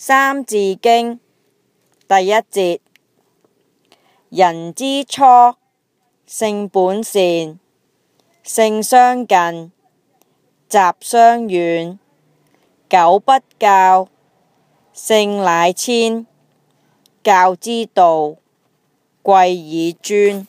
《三字經》第一節：「人之初，性本善，性相近，習相遠。苟不教，性乃遷。教之道，貴以專。